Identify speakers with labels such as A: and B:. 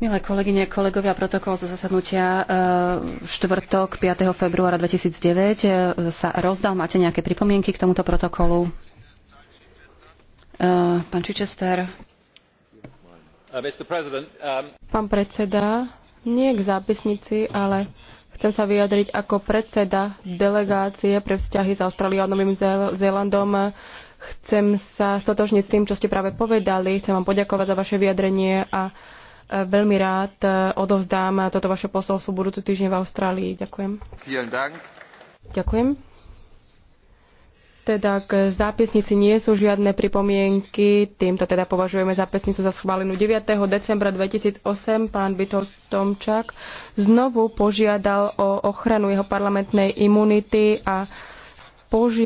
A: Milé kolegyne, kolegovia, protokol zo zasadnutia e, štvrtok 5. februára 2009 e, sa rozdal. Máte nejaké pripomienky k tomuto protokolu? E, pán Čičester.
B: Uh, um,
C: pán predseda, nie k zápisnici, ale Chcem sa vyjadriť ako predseda delegácie pre vzťahy s Austráliou a Novým Zélandom, Chcem sa stotožniť s tým, čo ste práve povedali. Chcem vám poďakovať za vaše vyjadrenie a e, veľmi rád e, odovzdám toto vaše posolstvo tu týždeň v Austrálii. Ďakujem. Ďakujem. Teda k zápisnici nie sú žiadne pripomienky, týmto teda považujeme zápisnicu za schválenú 9. decembra 2008. Pán Bytov Tomčak znovu požiadal o ochranu jeho parlamentnej imunity a požiadal